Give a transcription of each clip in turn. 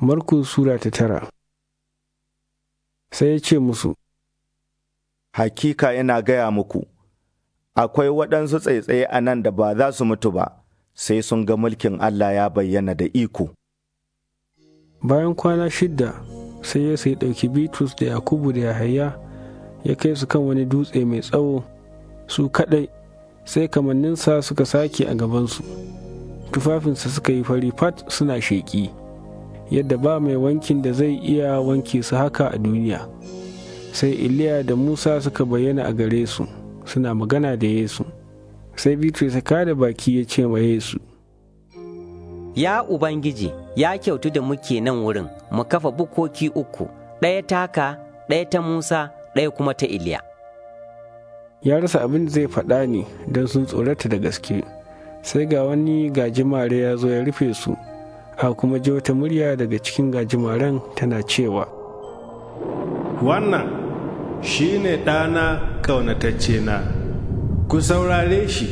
Markus Sura ta tara Sai ya ce musu, Hakika ina gaya muku, akwai waɗansu tsaitsaye a nan da ba za su mutu ba, sai sun ga mulkin Allah ya bayyana da iko. Bayan kwana shidda, sai ya sayi ɗauki Bitrus da Yakubu da Yahaya ya kai su kan wani dutse mai tsawo, su kaɗai, sai kamanninsa suka sake a gabansu, tufafinsa suka yi fari fat suna sheƙi. yadda ba mai wankin da zai iya wanke su haka a duniya sai iliya da musa suka bayyana a gare su suna magana da yesu sai bitrus ya kada baki ya ce wa yesu ya ubangiji ya kyautu da muke nan wurin mu kafa bukoki uku ɗaya taka ɗaya ta musa ɗaya kuma ta iliya ya rasa abin da zai faɗa ne don sun tsorata da gaske sai ga wani gajimare ya zo ya rufe su a kuma ji wata murya daga cikin gajimaren tana cewa wannan shi ne ɗana ƙaunatacce na ku saurare shi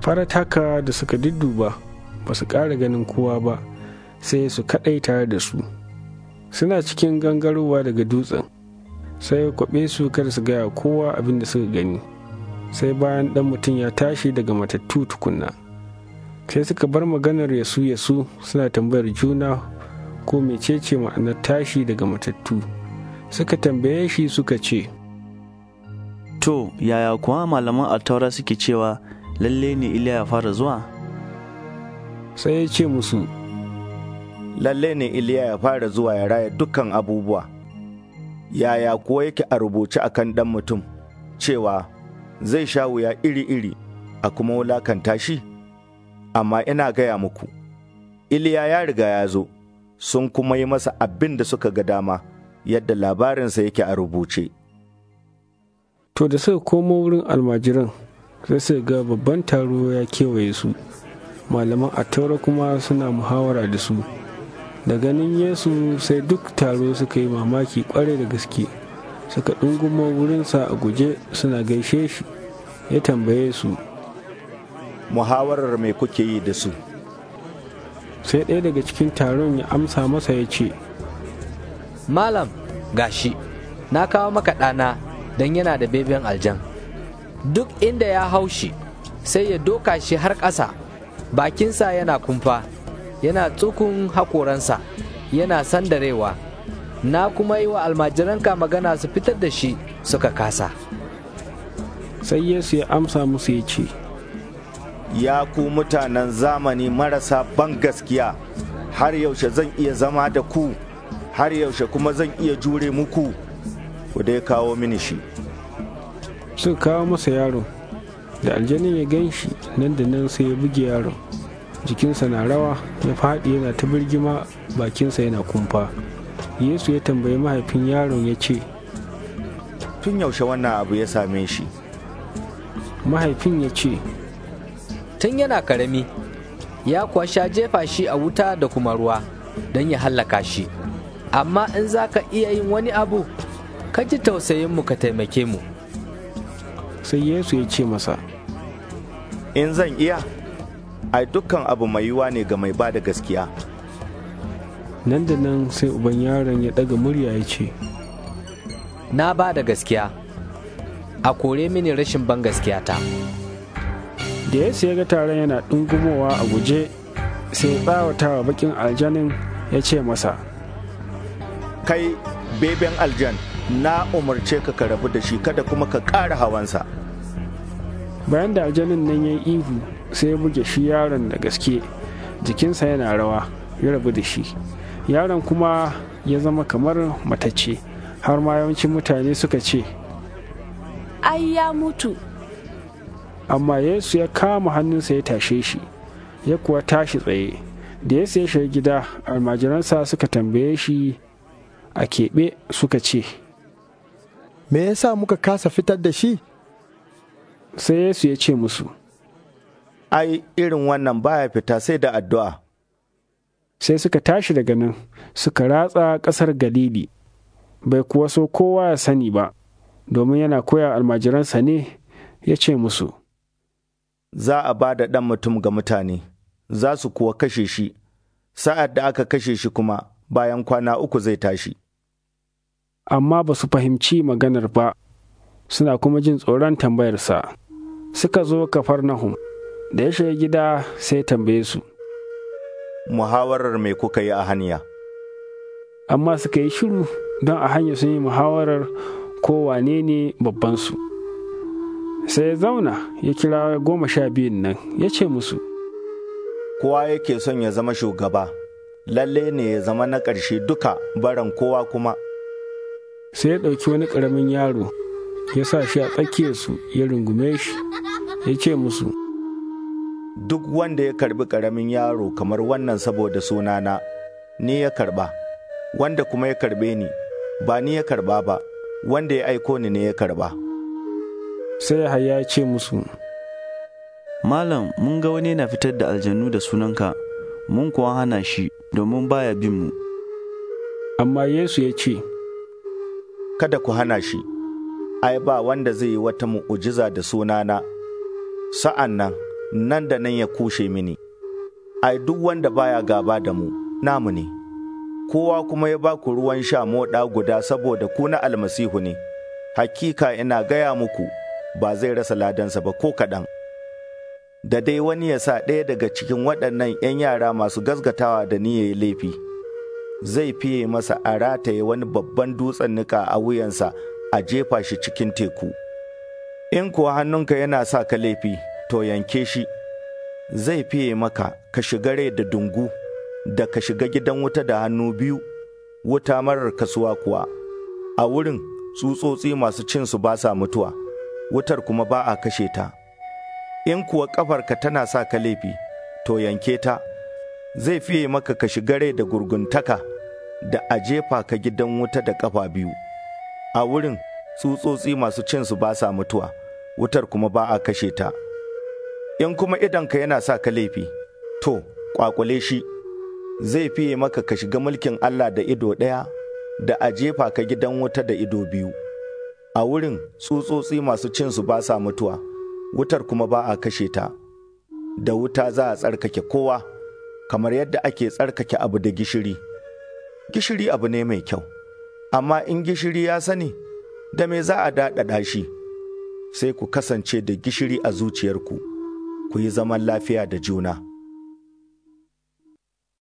farat haka da suka dudduba ba su ƙara ganin kowa ba sai su kaɗai tare da su suna cikin gangarowa daga dutsen sai ya kwaɓe su kada su gaya kowa abin da suka gani sai bayan ɗan mutum ya tashi daga matattu tukunna. sai suka bar maganar yasu yasu suna tambayar juna ko mecece ma'anar tashi daga matattu suka tambaye shi suka ce to yaya kuwa malaman altaura suke cewa lalle ne iliya ya fara zuwa sai ya ce musu lalle ne iliya ya fara zuwa ya raya dukkan abubuwa yaya kuwa yake a rubuce a kan 'dan mutum cewa zai sha wuya iri-iri a kuma wulakanta shi? amma ina gaya muku, Iliya ya riga ya zo, sun kuma yi masa abin da suka ga dama, yadda labarinsa yake a rubuce. To da suka komo wurin almajiran, sai suka ga babban taro ya kewaye su, malaman a taura kuma suna muhawara da su. Da ganin Yesu sai duk taro suka yi mamaki kwarai da gaske, suka ɗungumo wurinsa a guje suna gaishe shi, ya tambaye su. muhawarar mai kuke yi da su sai ɗaya daga cikin taron ya amsa masa ya ce malam gashi na kawo maka ɗana don yana da beben aljan duk inda ya haushi sai ya doka shi har ƙasa bakinsa yana kumfa yana tsukun hakoransa yana sandarewa na kuma yi wa almajiranka magana su fitar da shi suka kasa sai yesu ya amsa musu ya ce ya ku mutanen zamani marasa ban gaskiya har yaushe zan iya zama da ku har yaushe kuma zan iya jure muku ku dai kawo mini shi suka kawo masa yaro da aljanin ya gan shi nan da nan sai ya buge yaro jikinsa na rawa ya faɗi yana ta birgima bakinsa yana kumfa yesu ya tambayi mahaifin yaron ya ce tun yaushe wannan abu ya same shi mahaifin ya ce tun yana karami ya kuwa jefa shi a wuta da kuma ruwa don ya hallaka shi amma in za ka iya yin wani abu ka ji tausayin mu ka taimake mu sai yesu ya ce masa in zan iya ai dukkan abu mai yiwa ne ga mai ba da gaskiya nan da nan sai uban yaron ya ɗaga murya ya ce na ba da gaskiya a kore mini rashin ban gaskiya ta da ya ya ga taron yana ɗungumowa a guje sai tsawatawa bakin aljanin ya ce masa kai beben aljan na umarce ka ka rabu da shi kada kuma ka ƙara hawansa bayan da aljanin nan ya yi ihu sai ya buge shi yaron da gaske jikinsa yana rawa ya rabu da shi yaron kuma ya zama kamar matacce har ma yawancin mutane suka ce ai ya mutu amma yesu ya kama hannunsa ya tashe shi ya kuwa tashi tsaye da yesu ya shiga gida almajiransa suka tambaye shi a keɓe suka ce me yasa muka kasa fitar da shi sai yesu ya ce musu ai irin wannan baya fita sai da addu'a sai suka tashi daga nan suka ratsa ƙasar galili bai kuwa so kowa ya sani ba domin yana koya almajiransa ne ya ce musu za a ba da ɗan mutum ga mutane, za su kuwa kashe shi, sa'ad da aka kashe shi kuma bayan kwana uku zai tashi. Amma ba su fahimci maganar ba, suna kuma jin tsoron tambayarsa. Suka zo kafar nahum, da ya shiga gida sai tambaye su. Muhawarar mai kuka yi a hanya. Amma suka yi shiru don a hanya sun yi muhawarar ko wane ne babbansu. sai ya zauna ya kira goma sha biyun nan ya ce musu kowa yake son ya zama shugaba lalle ne ya zama na ƙarshe duka baran kowa kuma sai ya ɗauki wani ƙaramin yaro ya sa shi a tsakiyarsu ya rungume shi ya ce musu duk wanda ya karbi ƙaramin yaro kamar wannan saboda sunana ni ya karba wanda kuma ya karbe ni ba ni ya karba ba wanda ya aiko ni ne ya karba sai ya ce musu, Malam mun ga wani na fitar da aljannu da sunanka, mun kuwa hana shi domin baya bin mu. Amma Yesu ya ce, Kada ku hana shi, ai ba wanda zai yi wata mu'ujiza da sunana, sa'an nan nan da nan ya kushe mini, ai duk wanda baya gaba da mu, namu ne. Kowa kuma ya ba ku ruwan sha moɗa guda saboda ku na almasihu ne, hakika ina gaya muku. ba zai rasa ladansa ba ko kaɗan. Da dai wani ya sa ɗaya daga cikin waɗannan ‘yan yara masu gasgatawa da ni ya yi laifi, zai fiye masa a rataye wani babban dutsen nika a wuyansa a jefa shi cikin teku. In kuwa hannunka yana sa ka laifi, to yanke shi, zai fiye maka ka shiga rai da dungu, da ka shiga gidan wuta da hannu biyu, wuta marar kasuwa kuwa, a wurin tsutsotsi masu cinsu ba sa mutuwa. wutar kuma ba a kashe ta. In kuwa ƙafarka tana sa ka laifi, to yanke ta, zai fiye maka ka shiga da gurguntaka da a jefa ka gidan wuta da ƙafa biyu. A wurin tsutsotsi masu cinsu ba sa mutuwa, wutar kuma ba a kashe ta. In kuma idanka yana sa ka laifi, to, ƙwaƙwale shi, zai fiye maka ka shiga mulkin Allah da ido ɗaya, da a jefa ka gidan wuta da ido biyu. a wurin tsutsotsi masu cinsu ba sa mutuwa wutar kuma ba a kashe ta da wuta za a tsarkake kowa kamar yadda ake tsarkake abu da gishiri gishiri abu ne mai kyau amma in gishiri ya sani da me za a daɗaɗa shi sai ku kasance da gishiri a zuciyarku ku yi zaman lafiya da juna.